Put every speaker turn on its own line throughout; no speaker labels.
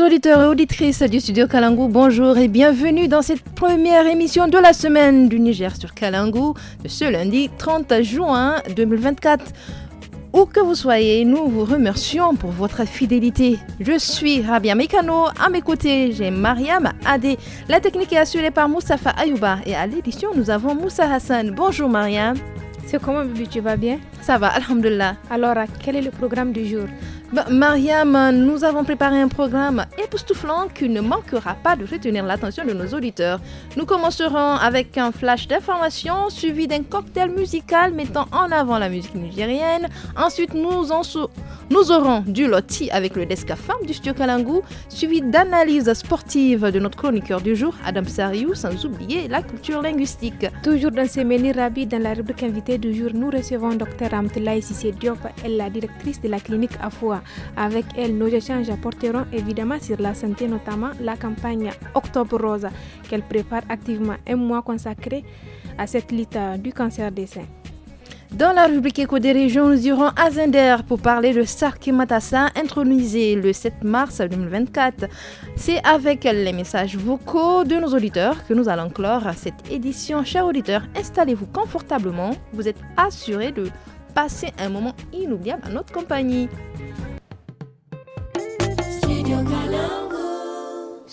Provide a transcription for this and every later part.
auditeurs et auditrices du studio Kalangu, bonjour et bienvenue dans cette première émission de la semaine du Niger sur Kalangu de ce lundi 30 juin 2024. Où que vous soyez, nous vous remercions pour votre fidélité. Je suis Rabia Mekano, à mes côtés j'ai Mariam Adé. La technique est assurée par Moussafa Ayouba et à l'édition nous avons Moussa Hassan. Bonjour Mariam. C'est comment tu vas bien Ça va, Alhamdulillah. Alors, quel est le programme du jour bah, Mariam, nous avons préparé un programme époustouflant qui ne manquera pas de retenir l'attention de nos auditeurs. Nous commencerons avec un flash d'informations suivi d'un cocktail musical mettant en avant la musique nigérienne. Ensuite, nous, aurons du loti avec le desk à du studio Kalangu, suivi d'analyses sportives de notre chroniqueur du jour, Adam Sariou, sans oublier la culture linguistique.
Toujours dans ces menus dans la rubrique invitée du jour, nous recevons Dr Amtelaï Sissé Diop, elle la directrice de la clinique Afoua. Avec elle, nos échanges apporteront évidemment sur la santé, notamment la campagne Octobre Rose qu'elle prépare activement un mois consacré
à cette lutte du cancer des seins. Dans la rubrique Éco des régions, nous irons à Zender pour parler de Sarki Matassa, intronisé le 7 mars 2024. C'est avec les messages vocaux de nos auditeurs que nous allons clore cette édition. Chers auditeurs, installez-vous confortablement. Vous êtes assurés de passer un moment inoubliable à notre compagnie.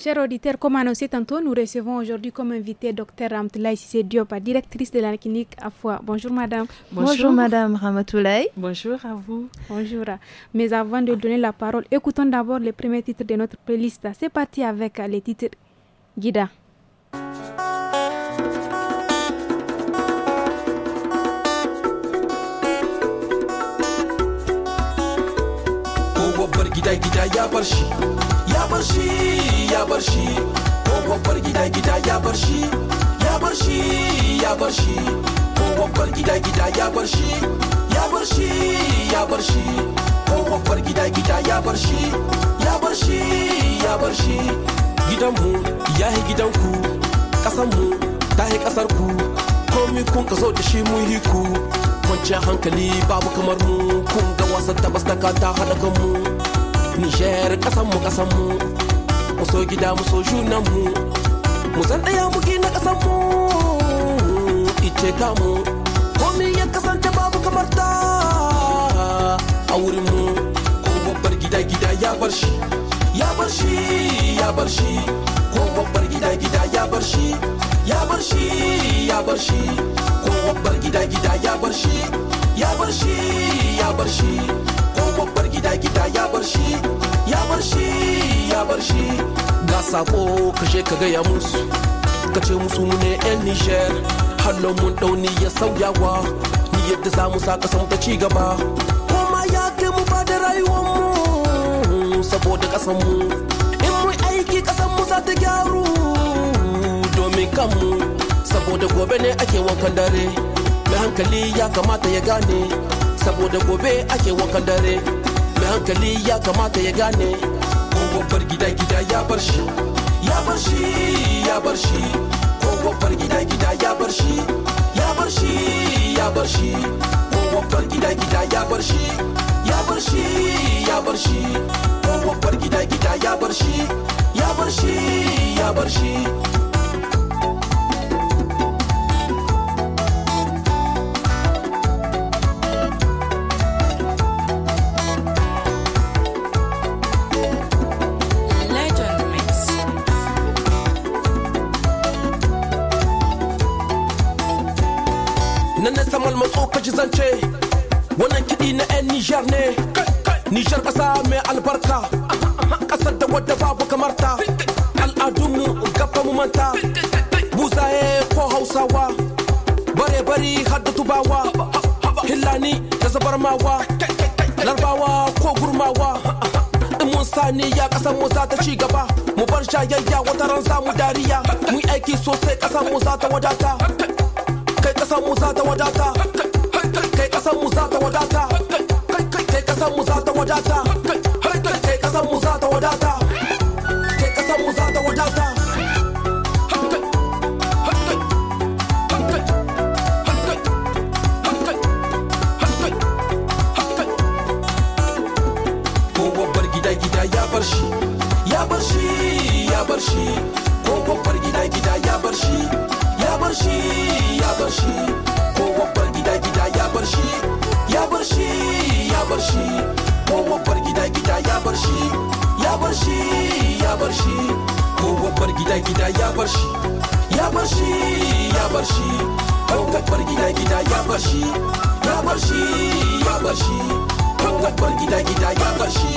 Chers auditeurs, comme annoncé tantôt, nous recevons aujourd'hui comme invité Dr Ramtoulaye Sissé Diop, directrice de la clinique Afwa. Bonjour madame. Bonjour, madame
Ramatoulaye. Bonjour
à vous. Bonjour. Mais avant de donner la parole, écoutons d'abord les premiers titres de notre playlist. C'est parti avec les titres Guida.
ya bar shi ya bar shi ko babbar gida gida ya bar shi ya bar shi ya bar shi ko babbar gida gida ya bar ya bar ya bar ko babbar gida gida ya bar ya bar ya bar shi gidanmu ya yi gidanku ƙasanmu ta yi ƙasarku komi kun ka zo da shi mu yi ku kwanciyar hankali babu kamar mu kun ga wasan tabas ta kata haɗa kanmu Nijar kasanmu kasanmu mu so gida mu so junanmu mu san daya mu gina kasanmu ice ta mu komi ya kasance babu kamar ta a wurin mu ko babbar gida gida ya bar shi ya bar shi ya bar shi ko babbar gida gida ya bar shi ya bar shi ya bar shi ko babbar gida gida ya bar shi ya bar shi ya bar shi dan babbar gida gida ya bar shi ya bar shi ya bar shi ga sako kashe ka gaya musu ka ce musu mu ne yan Niger. hallon mun dauni ya sauyawa ni yadda za mu sa kasan ta ci gaba koma ya kai mu ba da rayuwar mu saboda kasan mu in mu aiki kasan mu za ta gyaru domin kanmu saboda gobe ne ake wankan dare mai hankali ya kamata ya gane saboda gobe ake wankan dare mai hankali ya kamata ya gane kowabbar gida gida ya bar shi ya bar shi ya bar shi kowabbar gida gida ya bar shi ya bar shi ya bar shi kowabbar gida gida ya bar shi ya bar shi ya bar shi kowabbar gida gida ya bar shi ya bar shi ya bar shi haji zance wannan kiɗi na 'yan nijar ne nijar ƙasa mai albarka ƙasar da wadda babu kamar ta al'adunmu gafa mu manta buzaye ko hausawa bare bari har da tubawa hillani da zabarmawa larbawa ko gurmawa sani ya kasan mu za ta ci gaba mu bar shayayya wata ran samu dariya mu aiki sosai kasan mu za ta wadata kai kasan mu za ta wadata kai kasan mu za ta wadata kai kai kai kasan mu za ta wadata kai kai kai kasan mu za ta wadata kai kasan
mu za ta wadata
ya bar shi ya bar shi ko babbar gida gida ya bar shi ya bar shi ya bar shi gida gida ya bar shi ya bar shi ya bar shi kowar gida gida ya bar shi ya bar shi ya bar shi kowar gida gida ya bar shi ya bar shi ya bar shi kowar gida gida ya bar shi ya bar shi ya bar shi kowar gida gida ya bar shi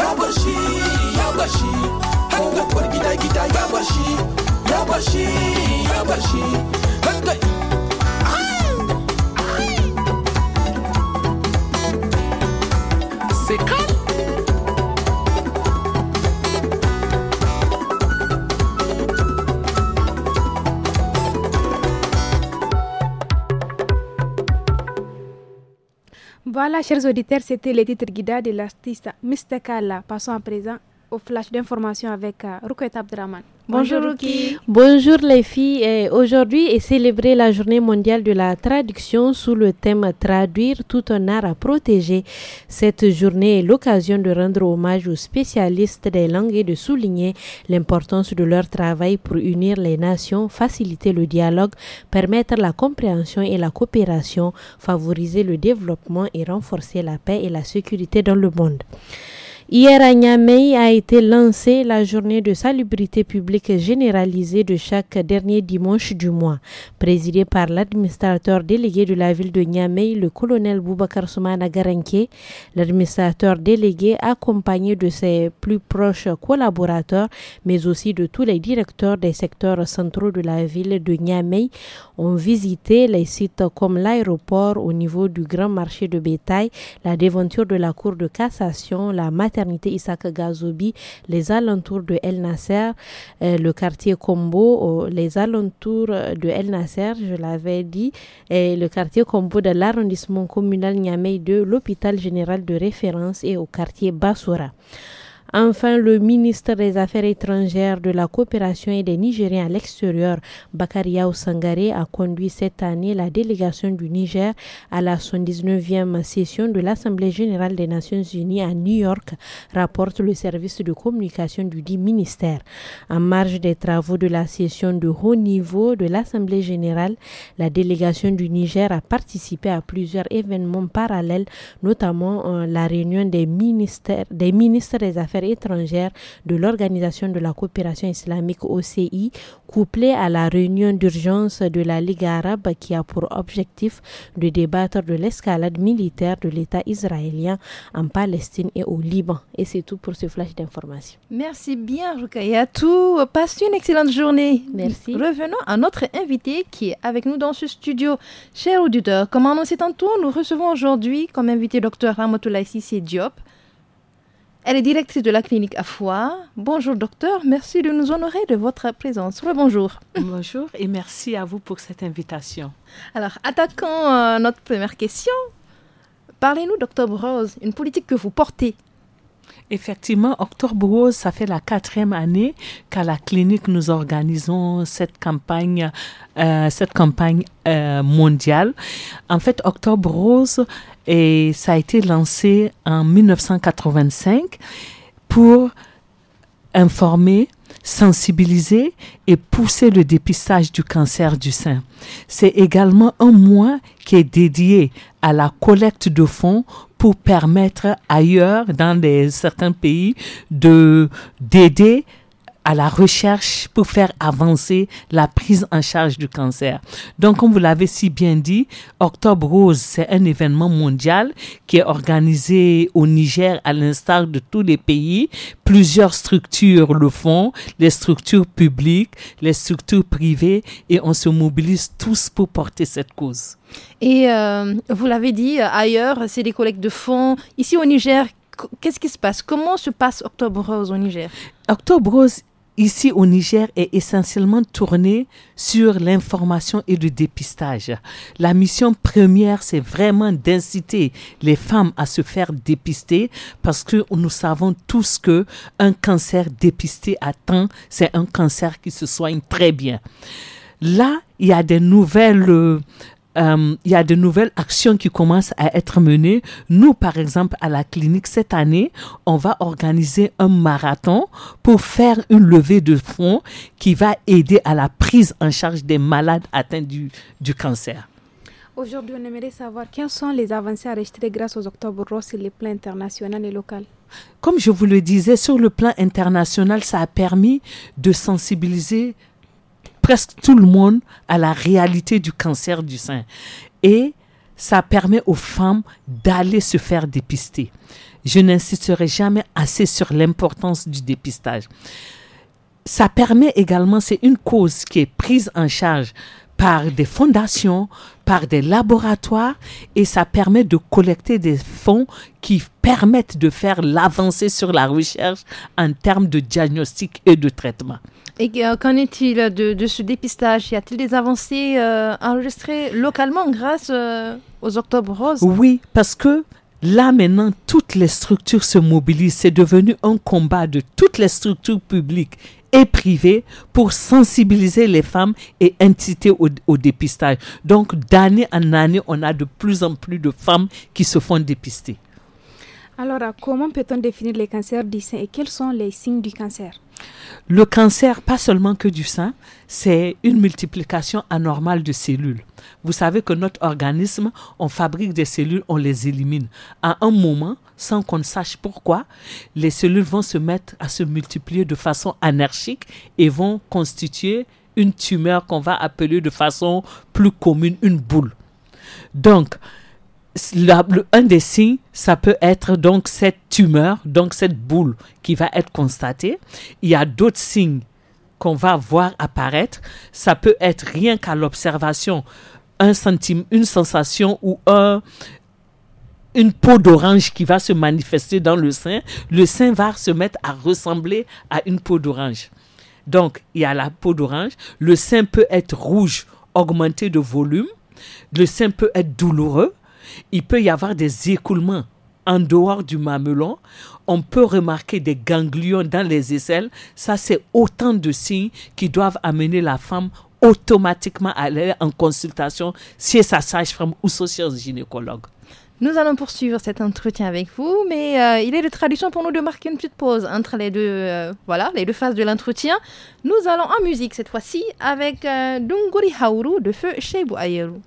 ya bar shi ya bar shi kowar gida gida ya bar shi ya bar shi ya barshi shi hankali
Voilà, chers auditeurs, c'était le titre guida de l'artiste Mistakala. Passons à présent flash d'information avec euh, Abdraman. Bonjour
Ruki. Bonjour les filles. Aujourd'hui est célébrée la journée mondiale de la traduction sous le thème Traduire tout un art à protéger. Cette journée est l'occasion de rendre hommage aux spécialistes des langues et de souligner l'importance de leur travail pour unir les nations, faciliter le dialogue, permettre la compréhension et la coopération, favoriser le développement et renforcer la paix et la sécurité dans le monde. Hier à Niamey a été lancée la journée de salubrité publique généralisée de chaque dernier dimanche du mois. Présidée par l'administrateur délégué de la ville de Niamey, le colonel Boubacar Soumana Garanké, l'administrateur délégué accompagné de ses plus proches collaborateurs, mais aussi de tous les directeurs des secteurs centraux de la ville de Niamey, ont visité les sites comme l'aéroport au niveau du grand marché de bétail, la déventure de la cour de cassation, la matière Isaac Gazobi, les alentours de El Nasser, euh, le quartier Combo, les alentours de El Nasser, je l'avais dit, et le quartier Combo de l'arrondissement communal Niamey 2, l'hôpital général de référence et au quartier Bassoura. Enfin, le ministre des Affaires étrangères de la coopération et des Nigériens à l'extérieur, Bakaria Sangare, a conduit cette année la délégation du Niger à la 79 e session de l'Assemblée générale des Nations unies à New York, rapporte le service de communication du dit ministère. En marge des travaux de la session de haut niveau de l'Assemblée générale, la délégation du Niger a participé à plusieurs événements parallèles, notamment euh, la réunion des ministères, des ministres des Affaires étrangère de l'Organisation de la coopération islamique OCI, couplée à la réunion d'urgence de la Ligue arabe qui a pour objectif de débattre de l'escalade militaire de l'État israélien en Palestine et au Liban. Et c'est tout pour ce flash d'information.
Merci bien, tout Passe une excellente journée. Merci. Revenons à notre invité qui est avec nous dans ce studio. Cher auditeur, comme annoncé tantôt, nous recevons aujourd'hui comme invité Dr Ramotoulaïsi Diop. Elle est directrice de la clinique Afoua. Bonjour docteur, merci de nous honorer de votre présence. bonjour. Bonjour et merci à vous pour cette invitation. Alors, attaquons euh, notre première question. Parlez-nous d'Octobre Rose, une
politique que vous portez. Effectivement, Octobre Rose, ça fait la quatrième année qu'à la clinique, nous organisons cette campagne, euh, cette campagne euh, mondiale. En fait, Octobre Rose et ça a été lancé en 1985 pour informer, sensibiliser et pousser le dépistage du cancer du sein. C'est également un mois qui est dédié à la collecte de fonds pour permettre ailleurs, dans certains pays, de d'aider à la recherche pour faire avancer la prise en charge du cancer. Donc, comme vous l'avez si bien dit, Octobre Rose, c'est un événement mondial qui est organisé au Niger à l'instar de tous les pays. Plusieurs structures le font, les structures publiques, les structures privées, et on se mobilise tous pour porter cette cause.
Et euh, vous l'avez dit, euh, ailleurs, c'est des collectes de fonds. Ici au Niger, qu'est-ce qui se passe Comment se passe Octobre Rose au Niger
Octobre Rose ici au Niger est essentiellement tourné sur l'information et le dépistage. La mission première, c'est vraiment d'inciter les femmes à se faire dépister parce que nous savons tous que un cancer dépisté à temps, c'est un cancer qui se soigne très bien. Là, il y a des nouvelles euh, euh, il y a de nouvelles actions qui commencent à être menées. Nous, par exemple, à la clinique, cette année, on va organiser un marathon pour faire une levée de fonds qui va aider à la prise en charge des malades atteints du, cancer.
Aujourd'hui, on aimerait savoir quelles sont les avancées enregistrées grâce aux Octobre Rose sur les plans internationaux et locaux
Comme je vous le disais, sur le plan international, ça a permis de sensibiliser presque tout le monde à la réalité du cancer du sein. Et ça permet aux femmes d'aller se faire dépister. Je n'insisterai jamais assez sur l'importance du dépistage. Ça permet également, c'est une cause qui est prise en charge par des fondations, par des laboratoires, et ça permet de collecter des fonds qui permettent de faire l'avancée sur la recherche en termes de diagnostic et de traitement.
Et euh, qu'en est-il de, ce dépistage Y a-t-il des avancées euh, enregistrées localement grâce euh, aux Octobre
Roses Oui, parce que là maintenant, toutes les structures se mobilisent. C'est devenu un combat de toutes les structures publiques et privées pour sensibiliser les femmes et inciter au, au dépistage. Donc, d'année en année, on a de plus en plus de femmes qui se font dépister.
Alors, comment peut-on définir les cancers du sein et quels sont les signes du cancer
le cancer, pas seulement que du sein, c'est une multiplication anormale de cellules. Vous savez que notre organisme, on fabrique des cellules, on les élimine. À un moment, sans qu'on ne sache pourquoi, les cellules vont se mettre à se multiplier de façon anarchique et vont constituer une tumeur qu'on va appeler de façon plus commune une boule. Donc, un des signes, ça peut être donc cette tumeur, donc cette boule qui va être constatée. Il y a d'autres signes qu'on va voir apparaître. Ça peut être rien qu'à l'observation, un centime, une sensation ou un, une peau d'orange qui va se manifester dans le sein. Le sein va se mettre à ressembler à une peau d'orange. Donc, il y a la peau d'orange. Le sein peut être rouge, augmenté de volume. Le sein peut être douloureux il peut y avoir des écoulements en dehors du mamelon. On peut remarquer des ganglions dans les aisselles. Ça, c'est autant de signes qui doivent amener la femme automatiquement à aller en consultation chez sa sage-femme ou son gynécologue.
Nous allons poursuivre cet entretien avec vous, mais euh, il est de tradition pour nous de marquer une petite pause entre les deux, euh, voilà, les deux phases de l'entretien. Nous allons en musique cette fois-ci avec euh, Dunguri Hauru de Feu Shebu Ayeru.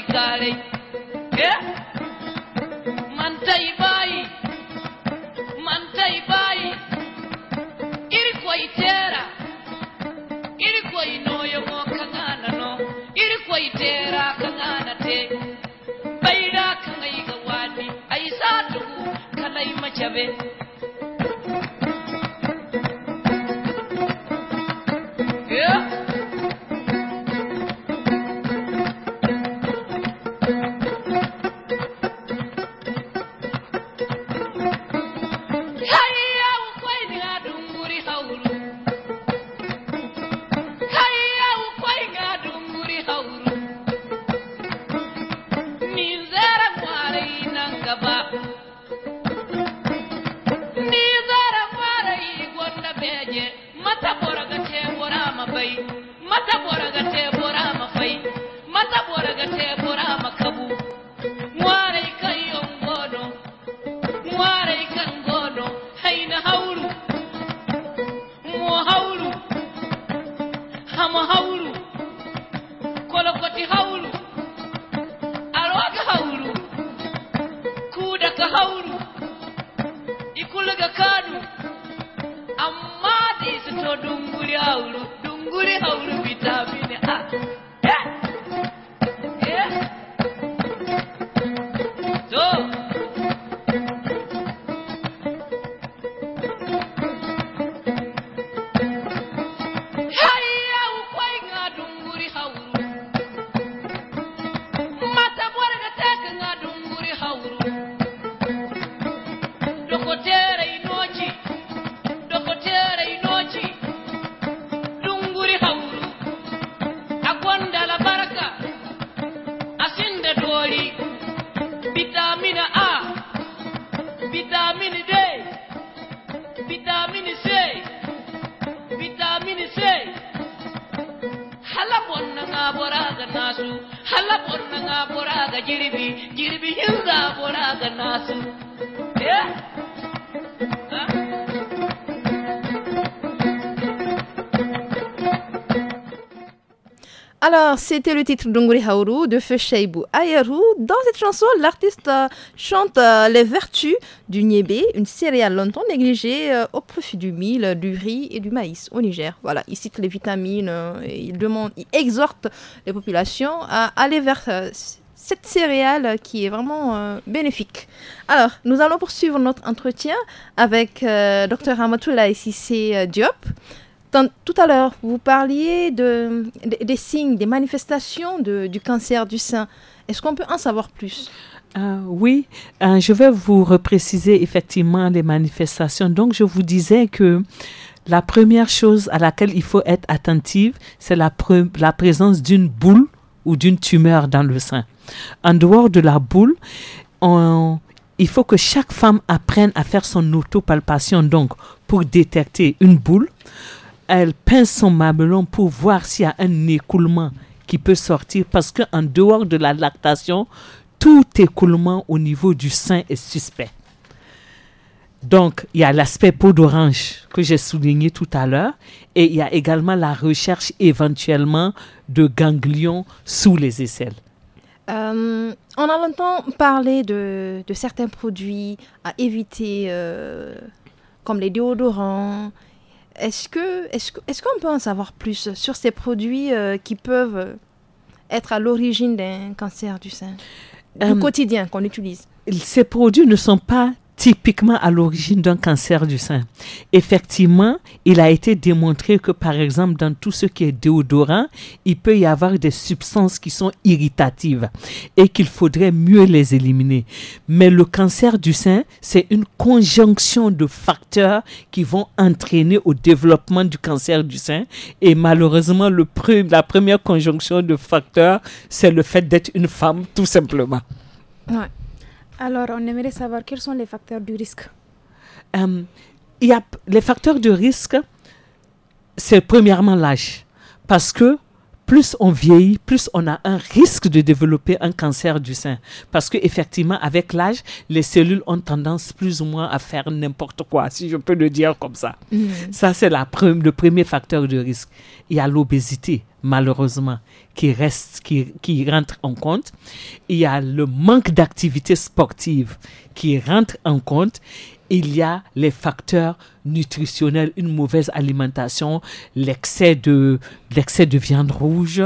ikalei e eh? mantai bai mantai bai iri kwa itera iri kwa inoyo mo kangana no iri kwa itera kangana te baira kangaiga wani aisatu kana imachabe
Alors, c'était le titre d'Unguri Hauru de Feu Shaibu Dans cette chanson, l'artiste chante euh, les vertus du niébé, une céréale longtemps négligée euh, au profit du mil, du riz et du maïs au Niger. Voilà, il cite les vitamines euh, et il demande, il exhorte les populations à aller vers cette céréale qui est vraiment bénéfique. Alors, nous allons poursuivre notre entretien avec Dr Ramatoula Sissé Diop tout à l'heure, vous parliez de, des signes, des manifestations du cancer du sein. Est-ce qu'on peut en savoir plus
euh, oui, euh, je vais vous repréciser effectivement les manifestations. Donc, je vous disais que la première chose à laquelle il faut être attentive, c'est la, la présence d'une boule ou d'une tumeur dans le sein. En dehors de la boule, on, il faut que chaque femme apprenne à faire son autopalpation, donc pour détecter une boule, elle pince son mamelon pour voir s'il y a un écoulement qui peut sortir parce qu'en dehors de la lactation, tout écoulement au niveau du sein est suspect. Donc, il y a l'aspect peau d'orange que j'ai souligné tout à l'heure et il y a également la recherche éventuellement de ganglions sous les aisselles.
Euh, on a longtemps parlé de, certains produits à éviter, euh, comme les déodorants, est-ce que est-ce qu'on peut en savoir plus sur ces produits euh, qui peuvent être à l'origine d'un cancer du sein, du euh, quotidien qu'on utilise
Ces produits ne sont pas typiquement à l'origine d'un cancer du sein. Effectivement, il a été démontré que par exemple dans tout ce qui est déodorant, il peut y avoir des substances qui sont irritatives et qu'il faudrait mieux les éliminer. Mais le cancer du sein, c'est une conjonction de facteurs qui vont entraîner au développement du cancer du sein et malheureusement le la première conjonction de facteurs, c'est le fait d'être une femme tout simplement.
Ouais.
Alors, on aimerait savoir quels sont les facteurs du risque.
Euh, y a, les facteurs du risque, c'est premièrement l'âge. Parce que plus on vieillit, plus on a un risque de développer un cancer du sein. Parce qu'effectivement, avec l'âge, les cellules ont tendance plus ou moins à faire n'importe quoi, si je peux le dire comme ça. Mm. Ça, c'est le premier facteur de risque. Il y a l'obésité malheureusement, qui reste, qui, qui rentre en compte. Il y a le manque d'activité sportive qui rentre en compte il y a les facteurs nutritionnels, une mauvaise alimentation, l'excès de, l'excès de viande rouge,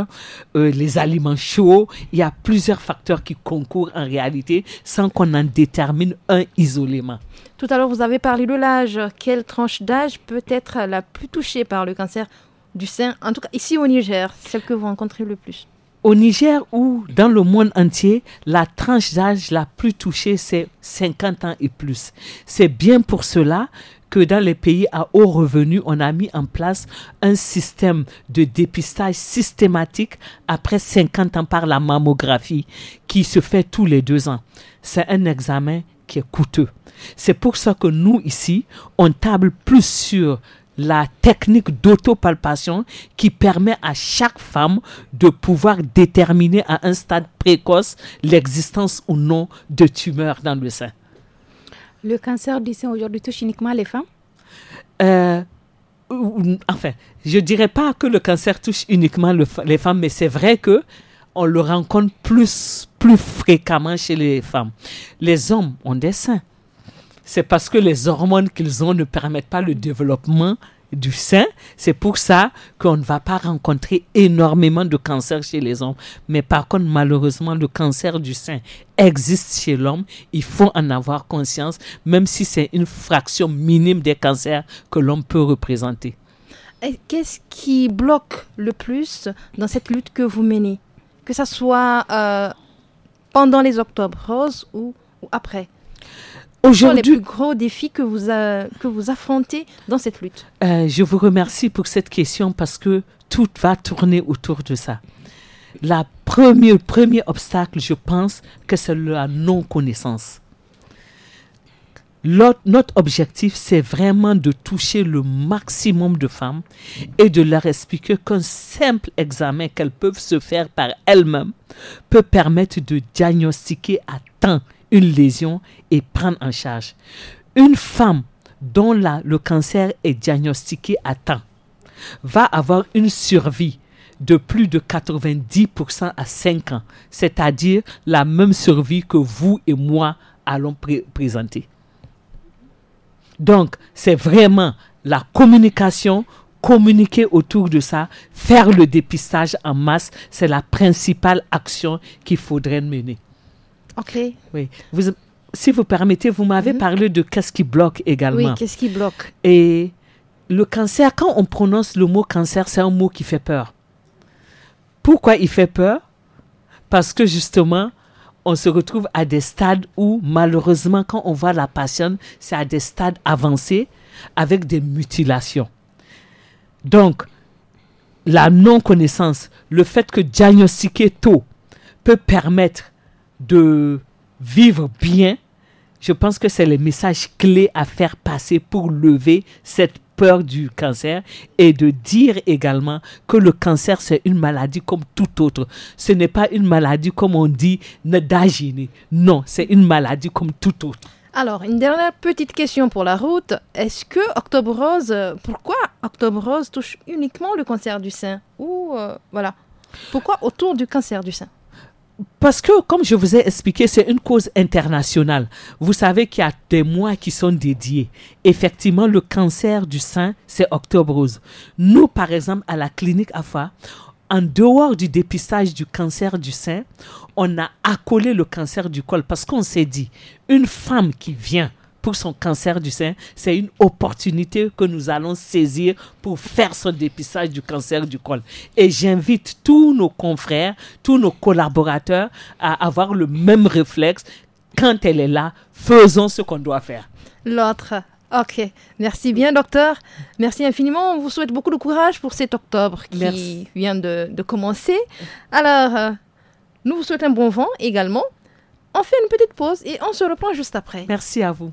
euh, les aliments chauds. Il y a plusieurs facteurs qui concourent en réalité sans qu'on en détermine un isolément.
Tout à l'heure, vous avez parlé de l'âge. Quelle tranche d'âge peut être la plus touchée par le cancer du sein, en tout cas ici au Niger, celle que vous rencontrez le plus
Au Niger ou dans le monde entier, la tranche d'âge la plus touchée, c'est 50 ans et plus. C'est bien pour cela que dans les pays à haut revenu, on a mis en place un système de dépistage systématique après 50 ans par la mammographie qui se fait tous les deux ans. C'est un examen qui est coûteux. C'est pour ça que nous, ici, on table plus sur la technique d'autopalpation qui permet à chaque femme de pouvoir déterminer à un stade précoce l'existence ou non de tumeurs dans le sein.
Le cancer du sein aujourd'hui touche uniquement les femmes
euh, Enfin, je ne dirais pas que le cancer touche uniquement les femmes, mais c'est vrai que on le rencontre plus, plus fréquemment chez les femmes. Les hommes ont des seins c'est parce que les hormones qu'ils ont ne permettent pas le développement du sein. C'est pour ça qu'on ne va pas rencontrer énormément de cancers chez les hommes. Mais par contre, malheureusement, le cancer du sein existe chez l'homme. Il faut en avoir conscience, même si c'est une fraction minime des cancers que l'homme peut représenter.
Qu'est-ce qui bloque le plus dans cette lutte que vous menez Que ce soit euh, pendant les Octobre Roses ou après aujourd'hui les plus gros défis que vous, a, que vous affrontez dans cette
lutte euh, Je vous remercie pour cette question parce que tout va tourner autour de ça. La première, premier obstacle, je pense que c'est la non-connaissance. Notre objectif, c'est vraiment de toucher le maximum de femmes et de leur expliquer qu'un simple examen qu'elles peuvent se faire par elles-mêmes peut permettre de diagnostiquer à temps une lésion et prendre en charge. Une femme dont la, le cancer est diagnostiqué à temps va avoir une survie de plus de 90% à 5 ans, c'est-à-dire la même survie que vous et moi allons présenter. Donc, c'est vraiment la communication, communiquer autour de ça, faire le dépistage en masse, c'est la principale action qu'il faudrait mener. Oui. si vous permettez, vous m'avez mhm. parlé de qu'est-ce qui bloque également. Oui, qu'est-ce qui bloque Et le cancer, quand on prononce le mot cancer, c'est un mot qui fait peur. Pourquoi il fait peur Parce que justement, on se retrouve à des stades où, malheureusement, quand on voit la patiente, c'est à des stades avancés avec des mutilations. Donc, la non-connaissance, le fait que diagnostiquer tôt peut permettre de vivre bien, je pense que c'est le message clé à faire passer pour lever cette peur du cancer et de dire également que le cancer, c'est une maladie comme tout autre. Ce n'est pas une maladie comme on dit Nadagini. Non, c'est une maladie comme tout autre.
Alors, une dernière petite question pour la route. Est-ce que Octobre Rose, euh, pourquoi Octobre Rose touche uniquement le cancer du sein Ou euh, voilà, pourquoi autour du cancer du sein
parce que, comme je vous ai expliqué, c'est une cause internationale. Vous savez qu'il y a des mois qui sont dédiés. Effectivement, le cancer du sein, c'est Octobre Rose. Nous, par exemple, à la clinique AFA, en dehors du dépistage du cancer du sein, on a accolé le cancer du col parce qu'on s'est dit, une femme qui vient pour son cancer du sein, c'est une opportunité que nous allons saisir pour faire son dépistage du cancer du col. Et j'invite tous nos confrères, tous nos collaborateurs à avoir le même réflexe. Quand elle est là, faisons ce qu'on doit faire.
L'autre. Ok, merci bien docteur. Merci infiniment. On vous souhaite beaucoup de courage pour cet octobre qui vient de, commencer. Alors, euh, nous vous souhaitons un bon vent également. On fait une petite pause et on se reprend juste après.
Merci à vous.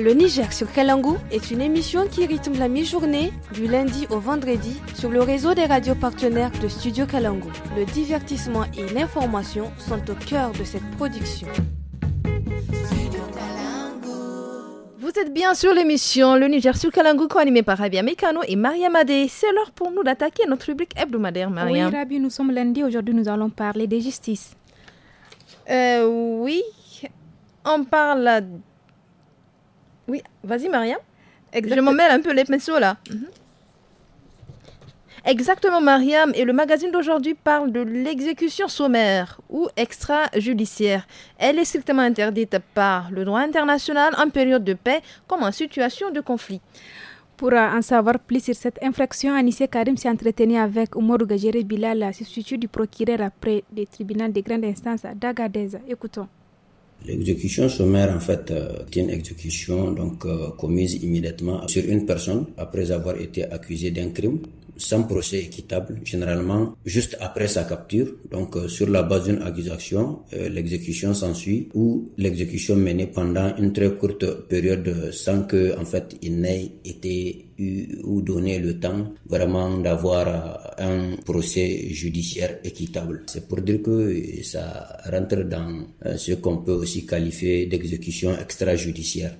Le Niger sur Kalangu est une émission qui rythme la mi-journée du lundi au vendredi sur le réseau des radios partenaires de Studio Kalangu. Le divertissement et l'information sont au cœur de cette production. Vous êtes bien sur l'émission Le Niger sur Kalangu, co-animée par Rabia Mekano et Mariam C'est l'heure pour nous d'attaquer notre rubrique hebdomadaire, Mariam. Oui, Rabia, nous sommes lundi. Aujourd'hui, nous allons parler des justices. Euh, oui, on parle oui, vas-y, Mariam. Exactement. Je mêle un peu les pinceaux là. Mhm. Exactement, Mariam. Et le magazine d'aujourd'hui parle de l'exécution sommaire ou extrajudiciaire. Elle est strictement interdite par le droit international en période de paix comme en situation de conflit. Pour en savoir plus sur cette
infraction, Anissé Karim s'est entretenu avec Omar Gajere Bilal, substitut du procureur après le tribunal des grandes instances d'Agadez. Écoutons.
L'exécution sommaire, en fait, est euh, une exécution donc euh, commise immédiatement sur une personne après avoir été accusée d'un crime sans procès équitable, généralement juste après sa capture, donc euh, sur la base d'une accusation, euh, l'exécution s'ensuit ou l'exécution menée pendant une très courte période euh, sans que en fait il n'ait été eu ou donné le temps vraiment d'avoir un procès judiciaire équitable. C'est pour dire que ça rentre dans ce qu'on peut aussi qualifier d'exécution
extrajudiciaire.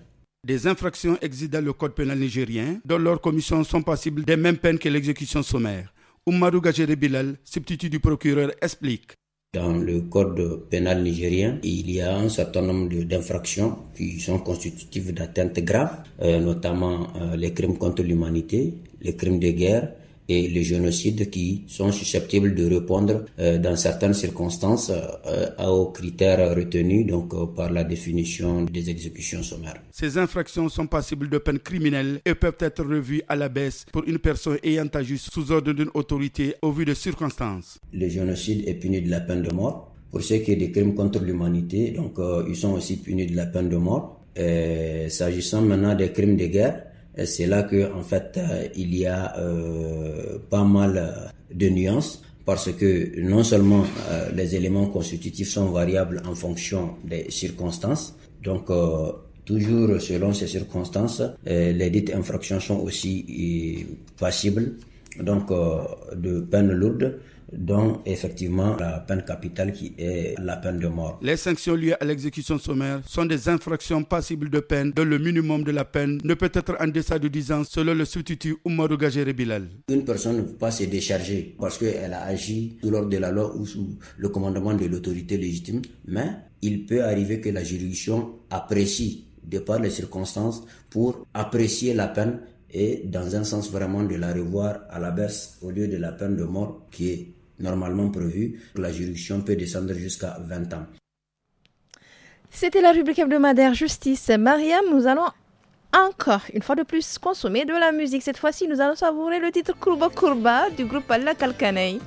Des infractions existent dans le code pénal nigérien, dont leurs commissions sont passibles des mêmes peines que l'exécution sommaire. Oumarou Gajere Bilal, substitut du procureur, explique.
Dans le code pénal nigérien, il y a un certain nombre d'infractions qui sont constitutives d'atteintes graves, euh, notamment euh, les crimes contre l'humanité, les crimes de guerre, et les génocides qui sont susceptibles de répondre euh, dans certaines circonstances euh, aux critères retenus donc euh, par la définition des exécutions sommaires.
Ces infractions sont passibles de peines criminelles et peuvent être revues à la baisse pour une personne ayant agi sous ordre d'une autorité au vu des circonstances.
Le génocide est puni de la peine de mort. Pour ce qui est des crimes contre l'humanité, donc ils sont aussi punis de la peine de mort. S'agissant maintenant des crimes de guerre, c'est là que en fait euh, il y a euh, pas mal euh, de nuances parce que non seulement les éléments constitutifs sont variables en fonction des circonstances, donc toujours selon ces circonstances, les dites infractions sont aussi passibles donc de peines lourdes dont effectivement la peine capitale qui est la peine de mort.
Les sanctions liées à l'exécution sommaire sont des infractions passibles de peine dont le minimum de la peine ne peut être en deçà de 10 ans selon le substitut Oumar Gagere Bilal.
Une personne ne peut pas se décharger parce qu'elle a agi sous l'ordre de la loi ou sous le commandement de l'autorité légitime, mais il peut arriver que la juridiction apprécie de par les circonstances pour apprécier la peine et dans un sens vraiment de la revoir à la baisse au lieu de la peine de mort qui est normalement prévu. La juridiction peut descendre jusqu'à 20 ans.
C'était la rubrique hebdomadaire Justice. Mariam, nous allons encore une fois de plus consommer de la musique. Cette fois-ci, nous allons savourer le titre Kurba Kurba du groupe La Kalkanei.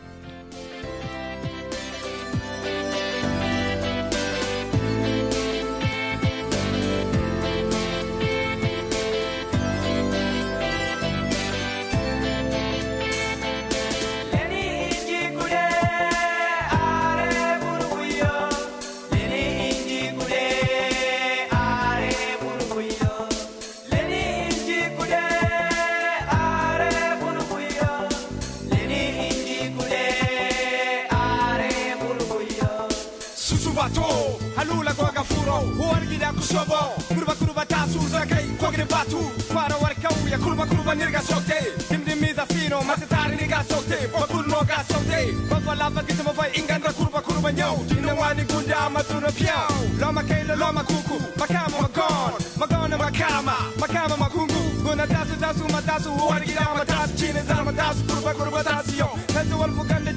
robo kuruba kuruba tasuza kai kogere batu para warka uya kuruba kuruba nirga sokte kimdimiza sino masetari nirga sokte bakul no ga sokte baba lava kitama vai ingandra kuruba kuruba nyau tinna wani gunda matuna piao lama kaila lama kuku makama magon magona makama makama makungu guna tasu tasu matasu wani gidama tasu chine zama tasu kuruba kuruba tasu yo tasu walfuka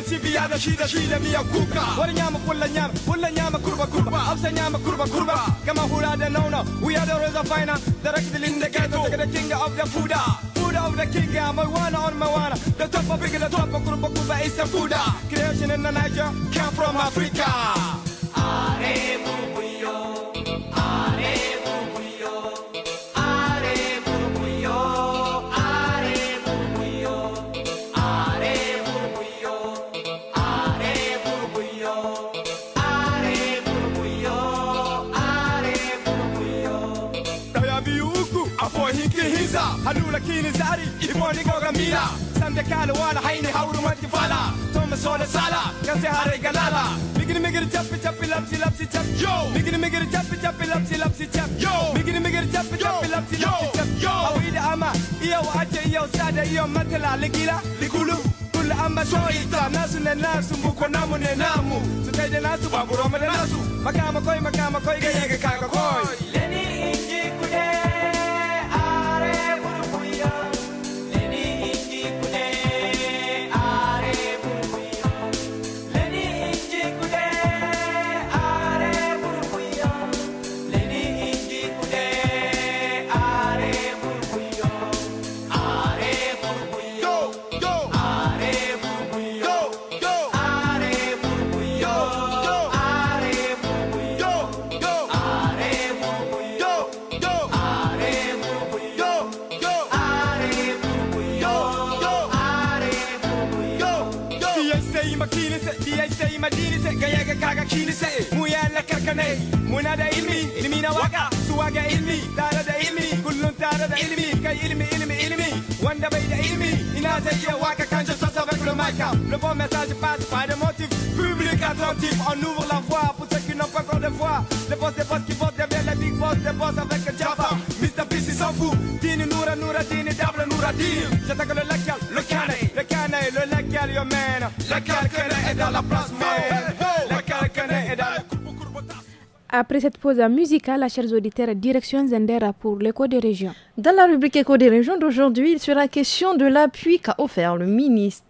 da cibiya da shi da shi da nyama kulla nyama kulla nyama kurba kurba absa nyama kurba kurba kama hura da nauna we are the rosa fina directly in the ghetto the king of the fuda fuda of the king I'm a one on my one the top of big the top of kurba kurba is the fuda creation in the Niger came from Africa Aremu mila sande kala wala haini hauru mati fala sala kase hare galala migini migini chappi chappi lapsi lapsi chap yo migini migini chappi chappi lapsi lapsi chap yo migini migini chappi chappi lapsi lapsi chap yo ama iyo ache iyo sada iyo likulu kula amba soita nasu ne nasu mbuko namu ne namu sutaide nasu ne nasu makama koi makama koi kaka koi كني منى ده علمي waka نواقع سواقع علمي تارة ilmi علمي كلهم تارة ده علمي كي علمي علمي علمي وان ده بيد علمي هنا زي واقع avec le mic Le bon message passe par de motif public attentif On ouvre la voie pour ceux qui n'ont pas encore de voix Les boss des boss qui votent deviennent les big boss des boss avec Java Mr. Beast il s'en fout Dini Noura Noura Dini Diable Noura Dini J'attaque le lacal, le canet Le canet, le lacal yo man Lacal canet est dans la place man
après cette pause
musicale, la chers auditeurs, direction Zendera pour l'écho des régions. Dans la rubrique écho des régions d'aujourd'hui, il sera question de l'appui qu'a offert le ministre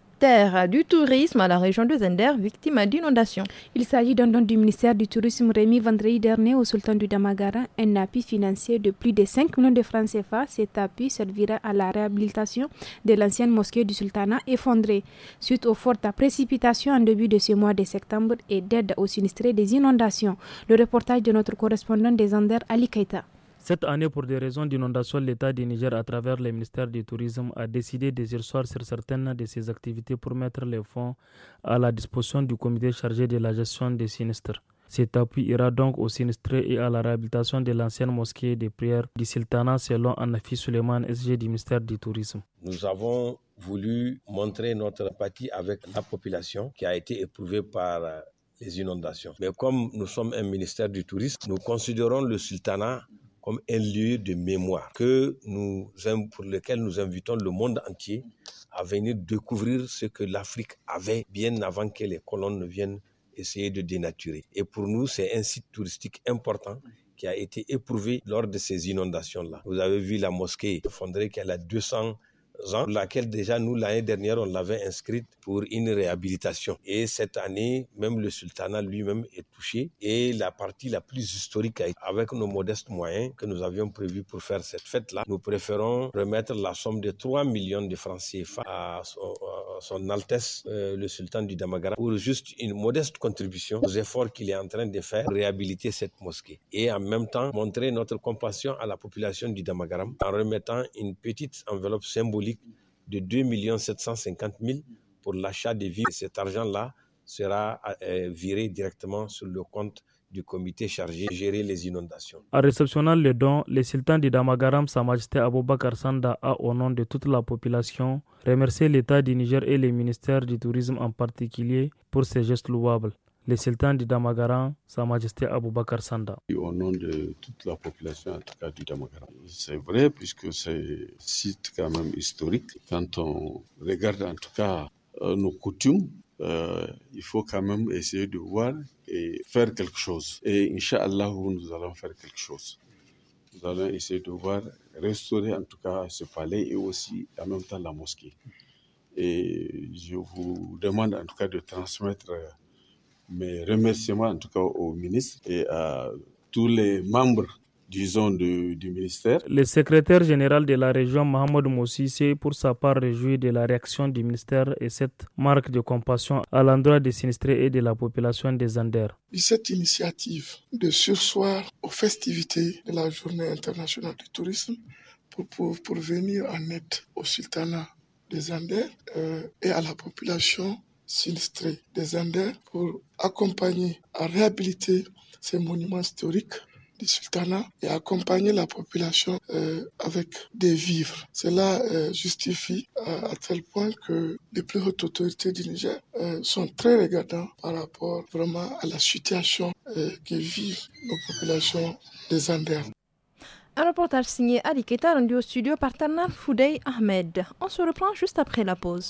du Tourisme à la région de Zender, victime d'inondations. Il s'agit d'un don du ministère du Tourisme remis vendredi dernier au sultan du
Damagara, un appui financier de plus de 5 millions de francs CFA. Cet appui servira à la réhabilitation de l'ancienne mosquée du sultanat effondrée suite aux fortes précipitations en début de ce mois de septembre et d'aide aux sinistrés des inondations. Le reportage de notre correspondant des Zender Ali Keita.
Cette année, pour des raisons d'inondation, l'État du Niger, à travers le ministère du Tourisme, a décidé de sur certaines de ses activités pour mettre les fonds à la disposition du comité chargé de la gestion des sinistres. Cet appui ira donc aux sinistrés et à la réhabilitation de l'ancienne mosquée des prières du Sultanat, selon Anafi Suleiman, SG du ministère du Tourisme.
Nous avons voulu montrer notre empathie avec la population qui a été éprouvée par les inondations. Mais comme nous sommes un ministère du tourisme, nous considérons le sultanat comme un lieu de mémoire que nous, pour lequel nous invitons le monde entier à venir découvrir ce que l'Afrique avait bien avant que les colons ne viennent essayer de dénaturer. Et pour nous, c'est un site touristique important qui a été éprouvé lors de ces inondations-là. Vous avez vu la mosquée effondrée, qu'elle a 200 ans, laquelle déjà nous l'année dernière on l'avait inscrite pour une réhabilitation. Et cette année, même le sultanat lui-même est touché et la partie la plus historique avec nos modestes moyens que nous avions prévus pour faire cette fête-là, nous préférons remettre la somme de 3 millions de francs CFA à son, Altesse euh, le sultan du Damagaram pour juste une modeste contribution aux efforts qu'il est en train de faire pour réhabiliter cette mosquée et en même temps montrer notre compassion à la population du Damagaram en remettant une petite enveloppe symbolique de 2 750 000 pour l'achat des villes. Cet argent-là sera euh, viré directement sur le compte du comité chargé de gérer les inondations. En
réceptionnant le don, le sultan de Damagaram, Sa Majesté Aboubakar Sanda, a, au nom de toute la population, remercié l'État du Niger et les ministères du Tourisme en particulier pour ces gestes louables le sultan du Damagaran, Sa Majesté Aboubakar Sanda.
Au nom
de toute la population, en tout cas du Damagaran. C'est vrai, puisque c'est un site quand même historique. Quand on regarde en tout cas euh, nos coutumes, euh, il faut quand même essayer de voir et faire quelque chose. Et Inch'Allah, nous allons faire quelque chose. Nous allons essayer de voir, restaurer en tout cas ce palais et aussi en même temps la mosquée. Et je vous demande en tout cas de transmettre euh, mes remerciements en tout cas au ministre et à tous les membres disons, du, du, ministère.
Le secrétaire général de la région, Mohamed Moussi, s'est pour sa part réjoui de la réaction du ministère et cette marque de compassion à l'endroit des sinistrés et de la population des Anders. Cette initiative de sursoir aux festivités de la Journée internationale du tourisme pour, pour, venir en aide au sultanat des Anders euh, et à la population sinistrés des Andes pour accompagner à réhabiliter ces monuments historiques du sultanat et accompagner la population euh, avec des vivres. Cela euh, justifie euh, à tel point que les plus hautes autorités du Niger sont très regardants par rapport vraiment à la situation que vivent nos populations des Andes.
Un reportage signé Ali Keta rendu au studio par Tarnar Foudey Ahmed. On se reprend juste après la pause.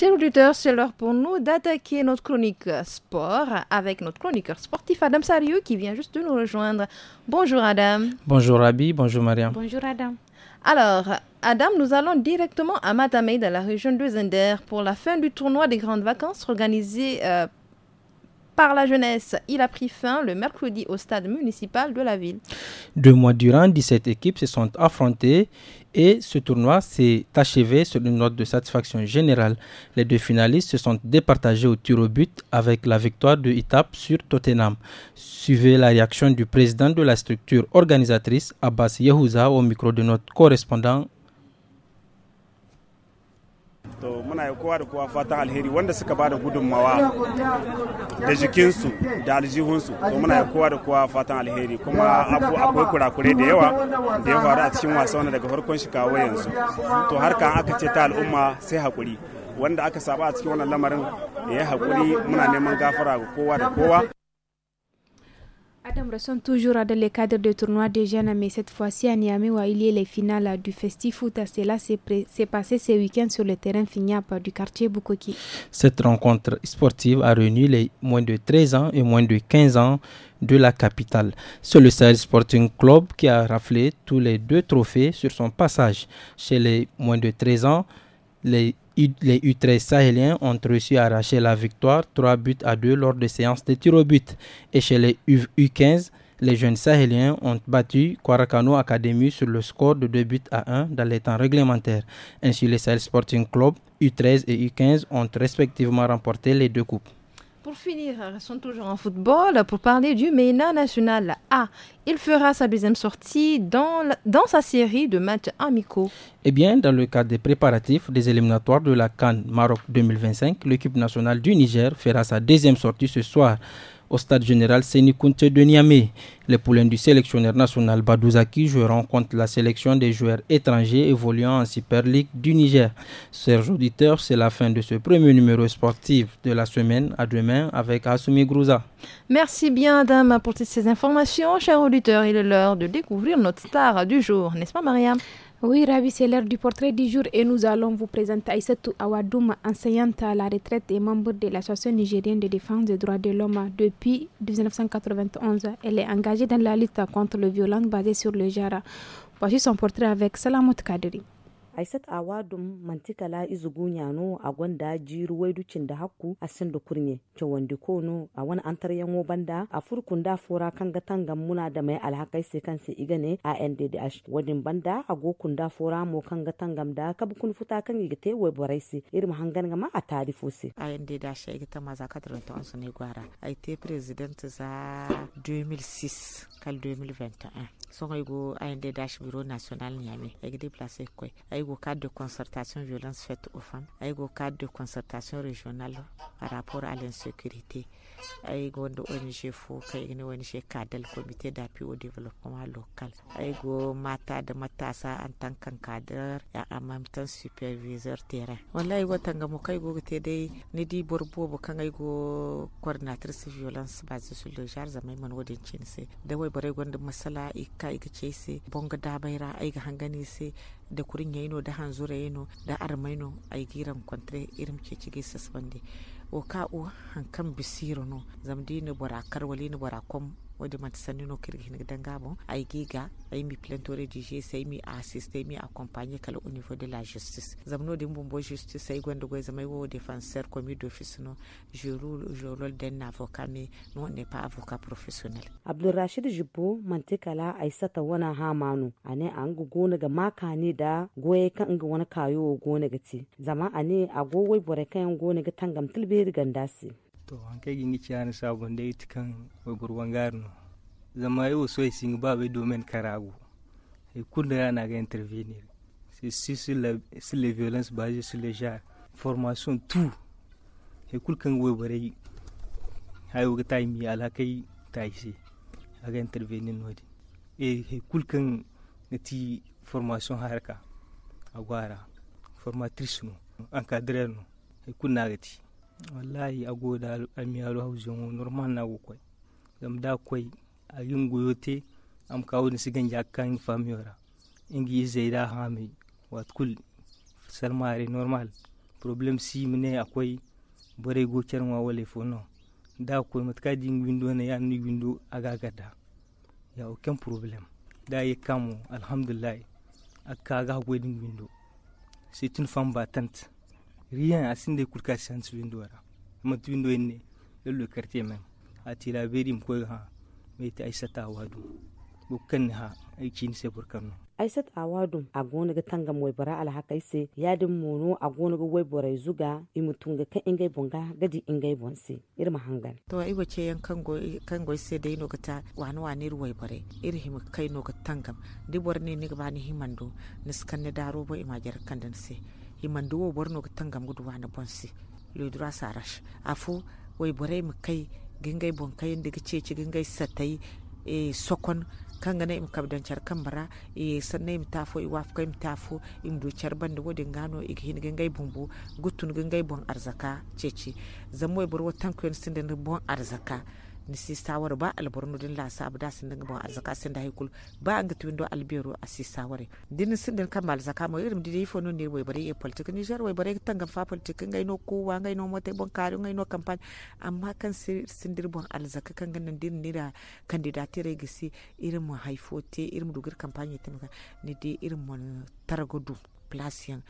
Chers auditeurs, c'est l'heure pour nous d'attaquer notre chronique sport avec notre chroniqueur sportif Adam Sariou qui vient juste de nous rejoindre. Bonjour Adam.
Bonjour Rabi, bonjour Mariam.
Bonjour Adam. Alors, Adam, nous allons directement à Matamei dans la région de Zender pour la fin du tournoi des grandes vacances organisé euh, par la jeunesse. Il a pris fin le mercredi au stade municipal de la ville.
Deux mois durant, 17 équipes se sont affrontées et ce tournoi s'est achevé sur une note de satisfaction générale. Les deux finalistes se sont départagés au tir au but avec la victoire de Itap sur Tottenham. Suivez la réaction du président de la structure organisatrice, Abbas Yehouza, au micro de notre correspondant
to muna yi kowa da kowa fatan alheri wanda suka ba da gudunmawa
da jikinsu
da aljihunsu to muna yi kowa da kowa fatan alheri kuma abu akwai kurakure da yawa da ya faru a cikin wasa wanda daga farkon shi kawo yanzu
to kan aka ce ta
al'umma sai hakuri wanda aka saba a cikin wannan lamarin ya hakuri muna neman gafara ga kowa da kowa
Adam ressemble toujours dans les cadres de tournoi de jeunes, mais cette fois-ci à Niamey où il y a les finales du Festifoot. Cela s'est passé ce week-end sur le terrain Fignap du quartier Bukoki.
Cette rencontre sportive a réuni les moins de 13 ans et moins de 15 ans de la capitale. C'est le Sahel Sporting Club qui a raflé tous les deux trophées sur son passage. Chez les moins de 13 ans, les, U13 sahéliens ont réussi à arracher la victoire 3 buts à 2 lors de séances de tir au but. Et chez les U15, les jeunes sahéliens ont battu Quaracano Academy sur le score de 2 buts à 1 dans les temps réglementaires. Ainsi, les Sahel Sporting Club U13 et U15 ont respectivement remporté les deux coupes.
Pour finir, euh, restons toujours en football pour parler du MENA National A. Il fera sa deuxième sortie dans, dans sa série de matchs amicaux.
Eh bien, dans le cadre des préparatifs des éliminatoires de la Cannes Maroc 2025, l'équipe nationale du Niger fera sa deuxième sortie ce soir au stade général Seni Kunte de Niamey. Les poulains du sélectionneur national Badouzaki joueront contre la sélection des joueurs étrangers évoluant en Super League du Niger. Chers auditeurs, c'est la fin de ce premier numéro sportif de la semaine. À demain avec Asumi Grouza.
Merci bien, Adam pour toutes ces informations. Chers auditeurs, il est l'heure de découvrir notre star du jour, n'est-ce pas, Mariam? Oui, Ravi, c'est l'heure du portrait du jour et nous allons vous présenter Aïssatou Awadoum,
enseignante à la retraite et membre de l'Association nigérienne de défense des droits de l'homme depuis 1991. Elle est engagée dans la lutte contre le violence basée sur le genre. Voici son portrait avec Salamot Kadri.
aisat awadum mantikala izugunyano a gwanda jiru waidu da hakku a sin kurnye kurnye cewandi kono a wani antar yanwo banda a furkun da fora kan gatangan muna da mai alhakai sai kan sai igane a nddh wadin banda a gokun da fora mo kan gatangan da kabu futa kan igite wai irin
hangan ma a tarifo a nddh igita maza kadarin ta ansu ne gwara a ite president za 2006 kal 2021 son igu a nddh bureau national niamey igide place koi ay cadre de concertation violence faite aux femmes ay cadre de concertation régionale par rapport à l'insécurité ay go ONG fo kai ne cadre du comité d'appui au développement local ay go mata de matasa an tankan en ya temps superviseur terrain wallahi watan ga mu kai go ni di borbo bu ay go coordinatrice violence basée sur le genre zamai man wodin cin de da wai bare gonda masala ikka ikace se bonga da bayra ay da kurin yaino da hanzura yaino da armaino ay giran irin irin ke cike sasbande o ka o hankan bisiro no zamdi ni bora karwali ni bora kom wanda mata sanni no kirgi ni danga bon ay giga ay mi plentore di je sai mi assiste mi accompagne kala au niveau de la justice zamno de mbombo justice ay gondo go zamay wo défenseur commis d'office no je roule je roule d'un avocat mais non n'est pas avocat professionnel
abdul rashid jibbo mantikala aisata wana manu ane an gona ga makani da goye kan ga wana kayo gona ga zama ane agowai bore kan gona ga tangam tilberi gandasi
to hankai gingi ciyani sabon da ita kan gurwan garin zama yi wasu yi singa ba bai domin karago e kunda ya na ga intervenir c'est sur la sur les violences basées sur les genre formation tout e kul kan yi bare hayo ga yi mi ala kai tai se ga intervenir nodi e eh, e kul kan ti formation harka gwara formatrice no encadrer no e ga ti wallahi a goda almiyaru hausin normal na gukwai zam da kwai a yin goyote am kawo ni sigan jakan famiyora ingi zai da hami watkul salmare normal problem si mine akwai bare gocer wa wale fono da kwai matka din windo na ya ni windo agagada ya oken problem da ya kamo alhamdulillah aka ga gwedin windo sitin fam batant rien à sinde kurka sans windo ra ma window ne le le quartier même a tira beri mko ha mai ta aisata wadu bukan ha aiki ne sai burkan
aisat awadum a gonaga tangam wai bara ya yadin mono a gonaga wai borai zuga imutunga kan ingai bonga gadi ingai bonse irma hangan
to ai wace yan kango kango sai dai no ta wani wani ruwai bare irhim kai no ka tangam dibor ne ni ba ni himando niskan ne daro bo imajar kan dan se. yimande wo bor no gitan gam gudu wani bonsi le sarash afu rash afo borai mu kai gingai bon kai inda gice ci gingai satai e sokon kan gane im kabdan char kan bara e sanna im tafo i e, waf kai im tafo im do char bande wodin gano i e, hin gingai bumbu gutun gingai bon arzaka ceci zamoy bor wotan ko en sinde bon arzaka ni si sawar ba alborno din la sabu da sin dinga bon azaka sin da haikul ba anga gatu windo albero a si saware din sin din kamal zaka mo irim di fo no ne way bare e politik ni jar way bare tanga fa politik ngai no kowa ngai no mote bon kare ngai no kampani amma kan sin dir bon alzaka kan ganin din ni da kandidatire gisi irin mu haifote irin mu dugir kampani tin ni di irin mu plasian plasiyan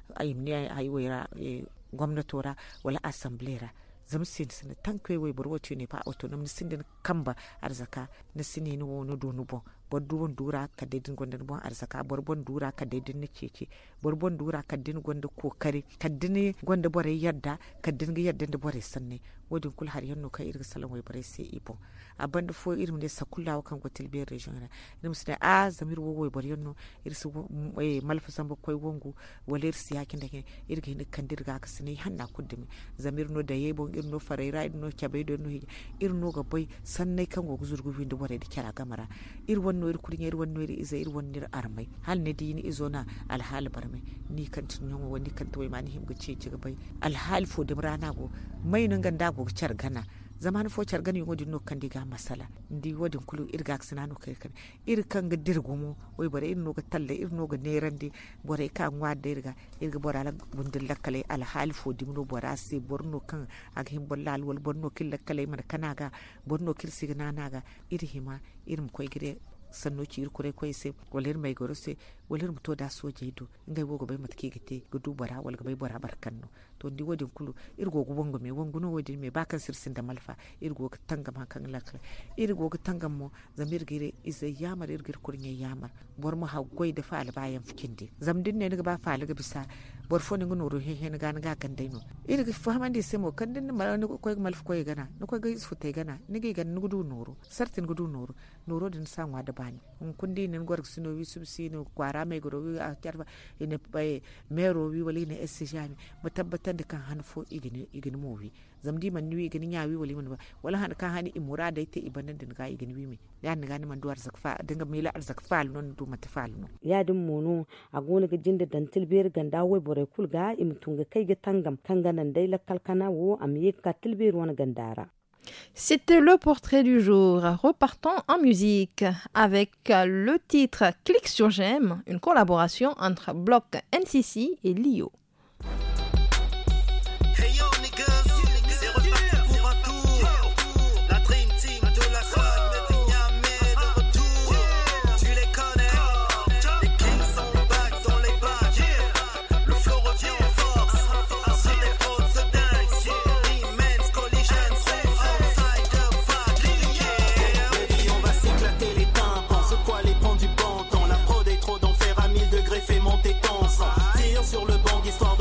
ne ayi wayra eh, gwamnatora wala assemblera zam sin sene tanke we borwo tuni pa autonom ni sinde kamba arzaka ni sini ni wono do no bon bor duwon ka kadedin gonda bon arzaka bor bon dura kadedin ni cece bor bon dura kadin gwanda kokari kadin gwanda bore yadda ka ga yadda da bore sanne wajen kul har yanno kai irin salon wai bare sai ibo abanda fo irin ne sakulla kan gotil be region ne nim sida a zamir wo wai bare yanno wai mm, eh, malfa sambo koi wongu walir siyakin da ke irga ni dirga ka sine hanna kuddumi zamir no da yebo yi faraira no kyabai do no irin no bai sanne kan go guzurgu winda bore da kyara gamara irin nuwar kuryar wonnore kurñere wonnore isa ir wonnir armay halne dini izona alhaal barmay ni kan kanti ñogo woni kanti way mani himga ceciga bay alhaal fo da rana go mai nan ganda go gandago gana zaman fo gani yungo dinno kan diga masala ndi wadin kulu irga sinano kai kan ir kan ga dirgumo wai bare ir no ga talle ir no ga nerandi bore ka ngwa da irga bora la bundin lakale al hal fo dimno bora se borno kan ag him bollal wal borno kil lakale mar kanaga borno kil signanaga ir hima ir mkoy gire sanno ci irkure ko ise mai gorose walir mutoda da soje do ngai wogo bai gite gudu bara wal bai bara barkanno to ndi wodin kulu irgo go bongo me no wodi me bakan sirsin malfa irgo go tangam hakan lakra irgo go tangamo zamir yamar irgir kurnye yamar bor mo bon ba ga bisa bor fo ru he gan ga semo ngudu noro sartin ngudu din un sino wi kwara me goro a tarba e, mero wi wali ne tar da kan han fo igini igini mowi zamdi man ni igini nya wi wali man ba wala han kan hani i murada ite ibanan din ga igini wi mi ya ni gani man duwar zakfa dinga mila arzak zakfa non du mata fal non ya din
mono a gona ga jinda dantil ber ganda wai bore kul ga imtunga tunga kai ga tangam kan ganan dai la kalkana wo am yi ka tilbir wana gandara
C'était le portrait du jour. Repartons en musique avec le titre Clique sur J'aime, une collaboration entre Bloc NCC et Lio.
sur le banc d'histoire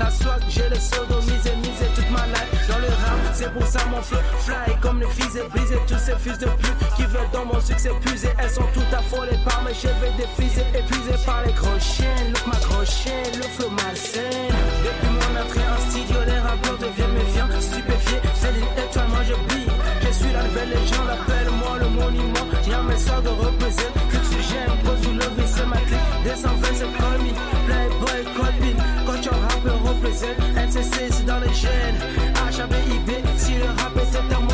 La les j'ai et sodomisé, misé toute ma life dans le rap. C'est pour ça mon flow fly comme le fils est brisé. Tous ces fils de pute qui veulent dans mon succès puiser. Elles sont toutes affolées par mes cheveux défrisés, épuisés par les crochets. Look ma crochet, le flow malsain. Depuis mon entrée en studio, les rappeurs deviennent méfiants, stupéfiés. C'est l'étoile, moi je brille. Je suis la nouvelle légende, appelle-moi le monument. Tiens mes soeurs de reposer que j'aime, pose une lever, c'est ma clé. c'est promis, culture rap représente, NCC c'est dans les gènes, HABIB, si le rap était un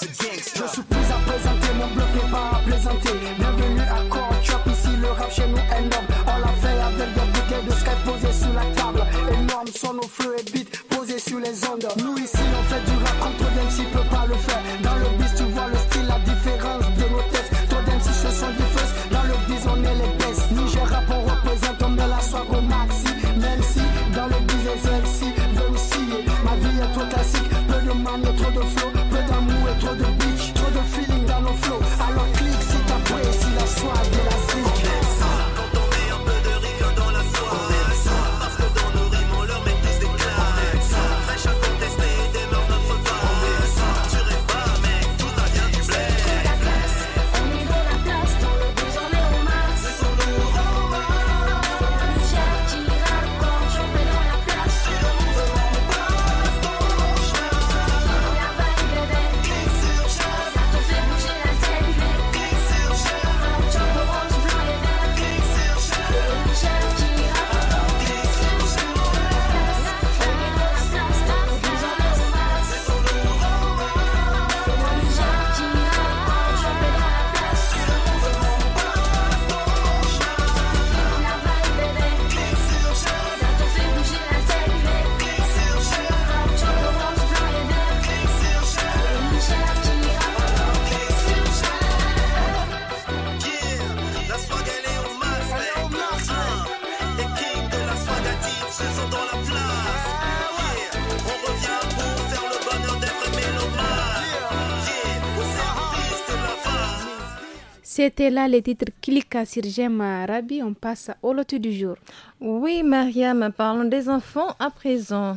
because of gangsta.
C'était là les titres Clica sur J'aime Arabi. On passe au lot du jour. Oui, Mariam, parlons des enfants à présent.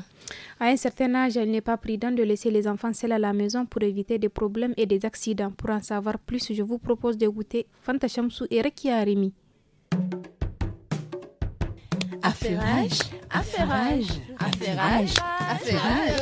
À un certain âge, il n'est pas prudent de laisser les enfants seuls à la maison pour éviter des problèmes et des accidents. Pour en savoir plus, je vous propose de goûter Fantachamsu et Rekia Arimi. affairage, affairage, affairage.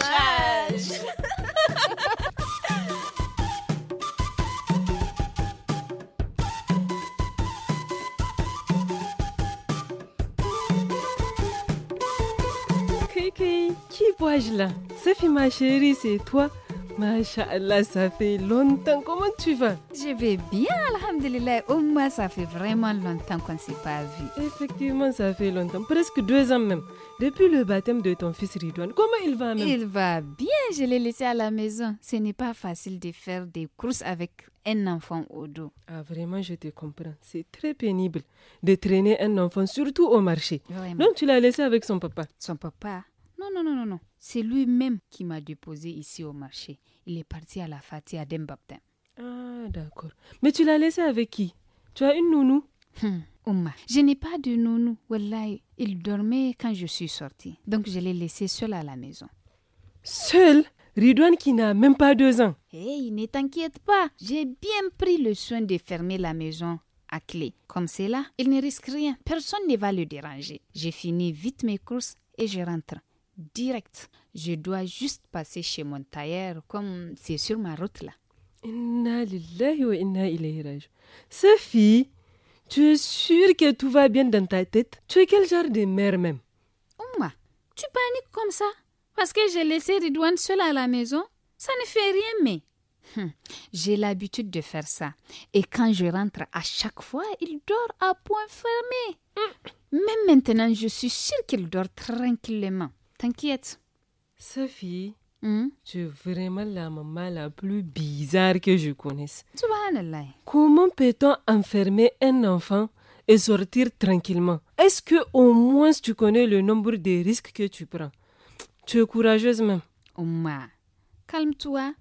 courage ma chérie, c'est toi. Masha'Allah, ça fait longtemps. Comment tu vas Je vais bien, Alhamdulillah. Au moins, ça fait vraiment longtemps qu'on ne s'est pas vu. Effectivement, ça fait longtemps. Presque deux ans même. Depuis le baptême de ton fils Ridouane, comment il va Il va bien, je l'ai laissé à la maison. Ce n'est pas facile de faire des courses avec un enfant au dos. Ah, vraiment, je te comprends. C'est très pénible de traîner un enfant, surtout au marché. Vraiment. Donc, tu l'as laissé avec son papa Son papa
non, non, non, non, non. C'est lui-même qui m'a déposé ici au marché. Il est parti à la fatigue à Dembaptin. Ah, d'accord. Mais tu l'as laissé avec qui Tu as une nounou hum, Ouma, je n'ai pas de nounou. Wallahi, il dormait quand je suis sortie. Donc je l'ai laissé seul à la maison.
Seul Ridouane qui n'a même pas deux ans.
Hey, eh, ne t'inquiète pas. J'ai bien pris le soin de fermer la maison à clé. Comme cela, là, il ne risque rien. Personne ne va le déranger. J'ai fini vite mes courses et je rentre direct. Je dois juste passer chez mon tailleur comme c'est sur ma route là. Inna wa inna
ilayhi Sophie, tu es sûre que tout va bien dans ta tête Tu es quel genre de mère même
Moi, tu paniques comme ça Parce que j'ai laissé Ridouane seul à la maison Ça ne fait rien mais... Hum, j'ai l'habitude de faire ça. Et quand je rentre, à chaque fois, il dort à point fermé. Mm. Même maintenant, je suis sûre qu'il dort tranquillement. T'inquiète. Sophie,
hmm? tu es vraiment la maman la plus bizarre que je connaisse. Subhanallah. Comment peut-on enfermer un enfant et sortir tranquillement Est-ce que au moins tu connais le nombre de risques que tu prends Tu es courageuse même. Oma,
calme-toi.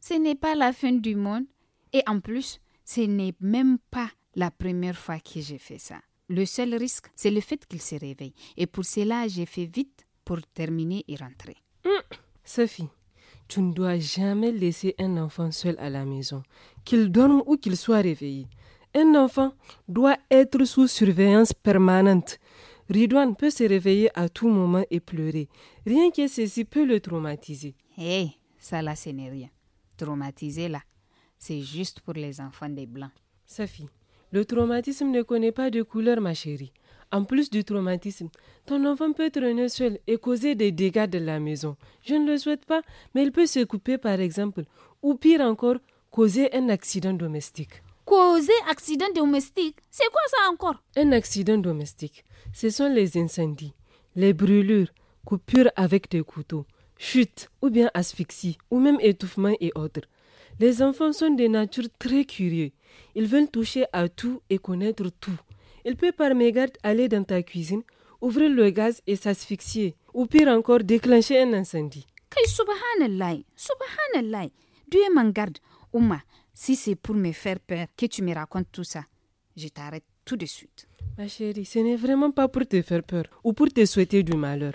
Ce n'est pas la fin du monde. Et en plus, ce n'est même pas la première fois que j'ai fait ça. Le seul risque, c'est le fait qu'il se
réveille. Et pour cela, j'ai fait vite pour terminer et rentrer. Hum. Sophie, tu ne dois jamais laisser un enfant seul à la maison, qu'il dorme ou qu'il soit réveillé. Un enfant doit être sous surveillance permanente. Ridouane peut se réveiller à tout moment et pleurer. Rien que ceci peut le traumatiser.
Hé, eh, ça là, ce n'est rien. Traumatiser là, c'est juste pour les enfants des
Blancs. Sophie, le traumatisme ne connaît pas de couleur, ma chérie. En plus du traumatisme, ton enfant peut être être seul et causer des dégâts de la maison. Je ne le souhaite pas, mais il peut se couper par exemple, ou pire encore, causer un accident domestique. Causer accident domestique C'est quoi ça encore Un accident domestique, ce sont les incendies, les brûlures, coupures avec des couteaux, chutes ou bien asphyxie, ou même étouffement et autres. Les enfants sont de nature très curieux. Ils veulent toucher à tout et connaître tout. Il peut par mégarde aller dans ta cuisine, ouvrir le gaz et s'asphyxier, ou pire encore déclencher un incendie.
subhanallah, subhanallah, Dieu m'en garde. Ouma, si c'est pour me faire peur que tu me racontes tout ça, je t'arrête tout de suite.
Ma chérie, ce n'est vraiment pas pour te faire peur ou pour te souhaiter du malheur.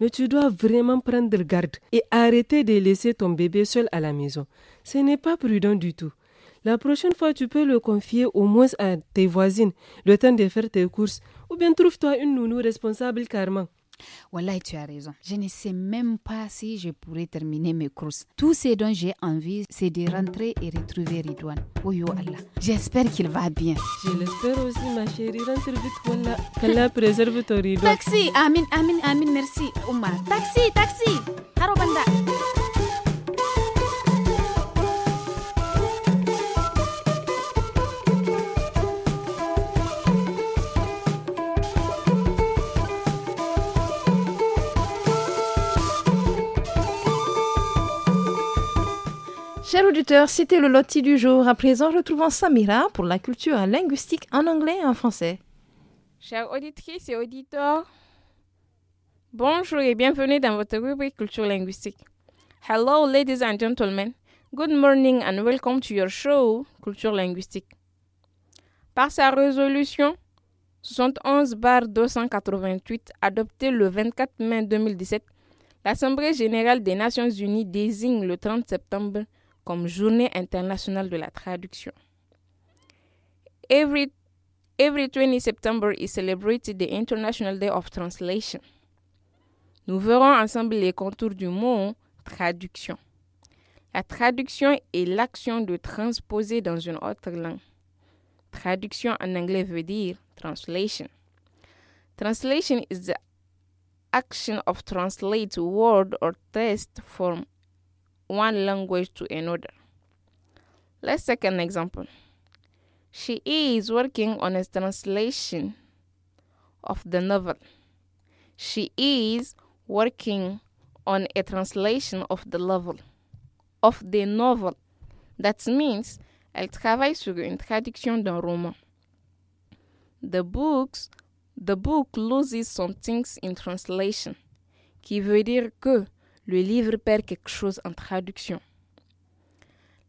Mais tu dois vraiment prendre garde et arrêter de laisser ton bébé seul à la maison. Ce n'est pas prudent du tout. La prochaine fois, tu peux le confier au moins à tes voisines, le temps de faire tes courses. Ou bien trouve-toi une nounou responsable carrément. Voilà, tu as raison. Je ne sais même pas si je pourrais terminer
mes courses. Tout ce dont j'ai envie, c'est de rentrer et retrouver Ridwan. Oh Allah. J'espère qu'il va bien. Je
l'espère aussi, ma chérie. Rentre vite, Wallah.
préserve ton Ridwan. Taxi, Amin, Amin, Amin, merci. Omar. Taxi, taxi. Harobanda.
auditeurs, c'était le loti du jour. À présent, retrouvons Samira pour la culture linguistique en anglais et en français.
Chers auditrices et auditeurs, bonjour et bienvenue dans votre rubrique culture linguistique. Hello, ladies and gentlemen. Good morning and welcome to your show Culture linguistique. Par sa résolution 71-288 adoptée le 24 mai 2017, l'Assemblée générale des Nations unies désigne le 30 septembre comme Journée internationale de la traduction. Every, every 20 September is celebrated the International Day of Translation. Nous verrons ensemble les contours du mot traduction. La traduction est l'action de transposer dans une autre langue. Traduction en anglais veut dire translation. Translation is the action of translate word or text from one language to another. Let's take an example. She is working on a translation of the novel. She is working on a translation of the novel. Of the novel. That means elle travaille sur une traduction d'un roman. The books, the book loses some things in translation, qui veut dire que le livre perd quelque chose en traduction.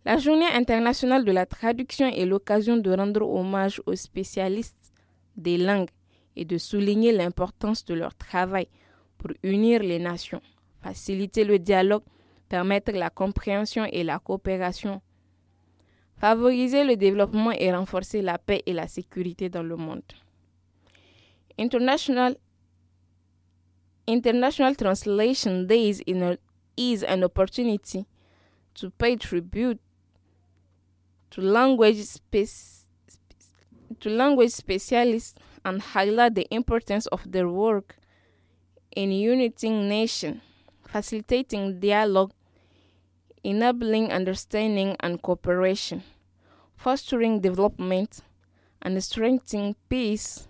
La journée internationale de la traduction est l'occasion de rendre hommage aux spécialistes des langues et de souligner l'importance de leur travail pour unir les nations, faciliter le dialogue, permettre la compréhension et la coopération, favoriser le développement et renforcer la paix et la sécurité dans le monde. International International Translation Day is, a, is an opportunity to pay tribute to language to language specialists and highlight the importance of their work in uniting nation, facilitating dialogue, enabling understanding and cooperation, fostering development, and strengthening peace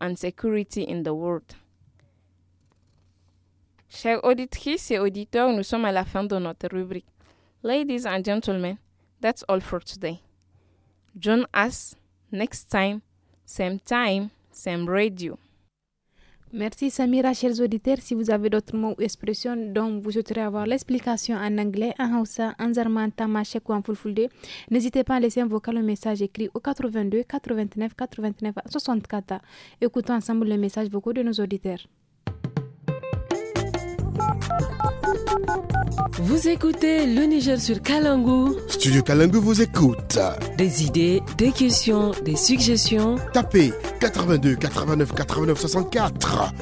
and security in the world. Chers auditrices et auditeurs, nous sommes à la fin de notre rubrique. Ladies and gentlemen, that's all for today. Join us next time, same time, same radio. Merci Samira, chers auditeurs. Si vous avez d'autres mots ou expressions dont vous souhaiteriez avoir l'explication
en anglais, en Hausa, en en tamashek ou en fulfulde, n'hésitez pas à laisser un vocal ou message écrit au 82 89 89 64. Écoutons ensemble le message vocaux de nos auditeurs.
Vous écoutez le Niger sur Kalangu.
Studio Kalangu vous écoute.
Des idées, des questions, des suggestions. Tapez 82 89 89 64.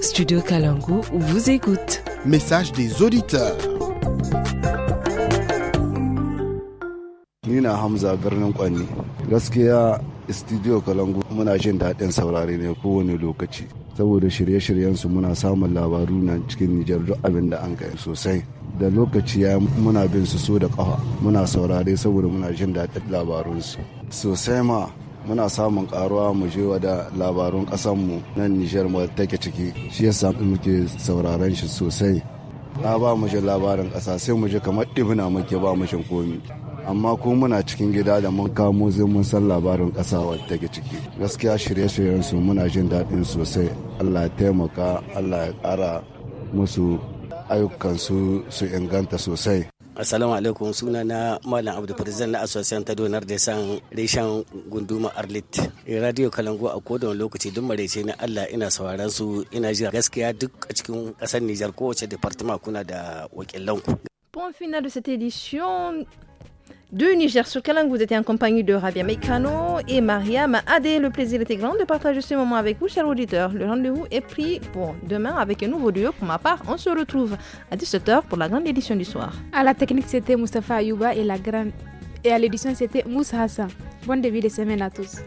Studio Kalangu vous écoute. Message
des auditeurs. Nina Hamza Studio Kalangu muna jin daɗin saurare saboda shirye shiryen su muna samun labaru na cikin nijar duk abin da an kai sosai da lokaci ya muna bin su so da kafa muna saurare saboda muna jin daɗin labarunsu sosai ma muna samun karuwa mu je da labarun mu nan nijar mu take ciki shi yasa muke sauraren shi sosai na ba mu labarin ƙasa sai mu je kamar ɗibina muke ba mu shi komi amma ko muna cikin gida da mun kamo zai mun san labarin ƙasa wadda ke ciki gaskiya shirye-shiryen su muna jin daɗin sosai allah ya taimaka allah ya ƙara musu ayyukan su inganta sosai
Assalamu alaikum suna na Malam Abdul Farzan na asosiyan ta Donar da San Reshen Gunduma Arlit. Eh, Radio Kalango a kodon lokaci duk marece na Allah ina sauraron su ina jira gaskiya duk a cikin kasar Nijar kowace department kuna da wakilanku.
Bon final de cette édition, De Niger sur Kalang. Vous étiez en compagnie de Rabia Mekano et Mariam Adé. Le plaisir était grand de partager ce moment avec vous, chers auditeurs. Le rendez-vous est pris pour demain avec un nouveau duo. Pour ma part, on se retrouve à 17h pour la grande édition du soir.
À la technique, c'était Mustafa Ayouba et, la et à l'édition, c'était Moussa Hassan. Bonne début de semaine à tous.